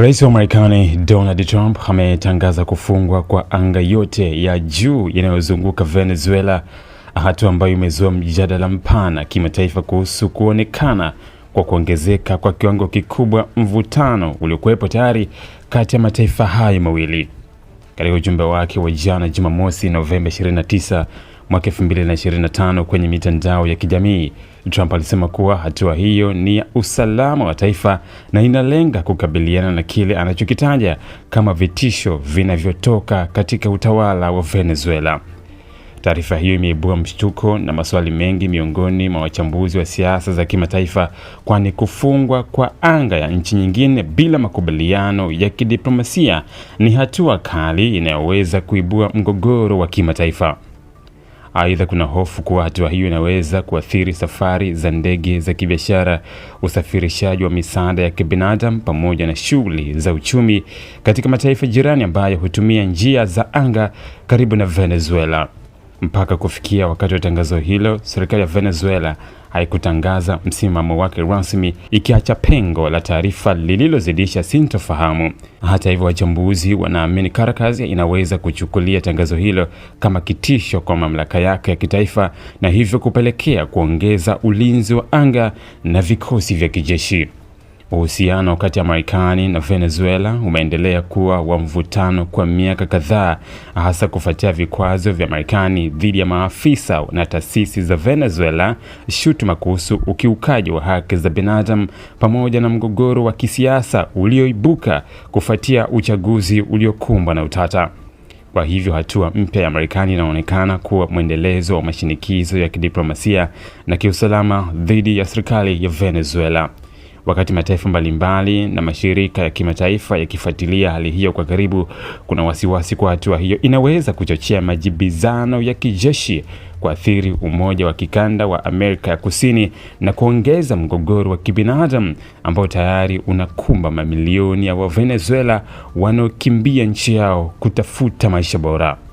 Rais wa Marekani Donald Trump ametangaza kufungwa kwa anga yote ya juu inayozunguka Venezuela, hatua ambayo imezua mjadala mpana kimataifa kuhusu kuonekana kwa kuongezeka kwa kiwango kikubwa mvutano uliokuwepo tayari kati ya mataifa hayo mawili. Katika ujumbe wake wa jana Jumamosi, Novemba 29 mwaka 2025 kwenye mitandao ya kijamii, Trump alisema kuwa hatua hiyo ni ya usalama wa taifa na inalenga kukabiliana na kile anachokitaja kama vitisho vinavyotoka katika utawala wa Venezuela. Taarifa hiyo imeibua mshtuko na maswali mengi miongoni mwa wachambuzi wa siasa za kimataifa, kwani kufungwa kwa anga ya nchi nyingine bila makubaliano ya kidiplomasia ni hatua kali inayoweza kuibua mgogoro wa kimataifa. Aidha, kuna hofu kuwa hatua hiyo inaweza kuathiri safari za ndege za kibiashara, usafirishaji wa misaada ya kibinadamu pamoja na shughuli za uchumi katika mataifa jirani ambayo hutumia njia za anga karibu na Venezuela. Mpaka kufikia wakati wa tangazo hilo, serikali ya Venezuela haikutangaza msimamo wake rasmi, ikiacha pengo la taarifa lililozidisha sintofahamu. Hata hivyo, wachambuzi wanaamini Caracas inaweza kuchukulia tangazo hilo kama kitisho kwa mamlaka yake ya kitaifa na hivyo kupelekea kuongeza ulinzi wa anga na vikosi vya kijeshi. Uhusiano kati ya Marekani na Venezuela umeendelea kuwa wa mvutano kwa miaka kadhaa, hasa kufuatia vikwazo vya Marekani dhidi ya maafisa na taasisi za Venezuela, shutuma kuhusu ukiukaji wa haki za binadamu, pamoja na mgogoro wa kisiasa ulioibuka kufuatia uchaguzi uliokumbwa na utata. Kwa hivyo hatua mpya ya Marekani inaonekana kuwa mwendelezo wa mashinikizo ya kidiplomasia na kiusalama dhidi ya serikali ya Venezuela. Wakati mataifa mbalimbali na mashirika ya kimataifa yakifuatilia hali hiyo kwa karibu, kuna wasiwasi kwa hatua hiyo inaweza kuchochea majibizano ya kijeshi, kuathiri umoja wa kikanda wa Amerika ya Kusini na kuongeza mgogoro wa kibinadamu ambao tayari unakumba mamilioni ya Wavenezuela wanaokimbia nchi yao kutafuta maisha bora.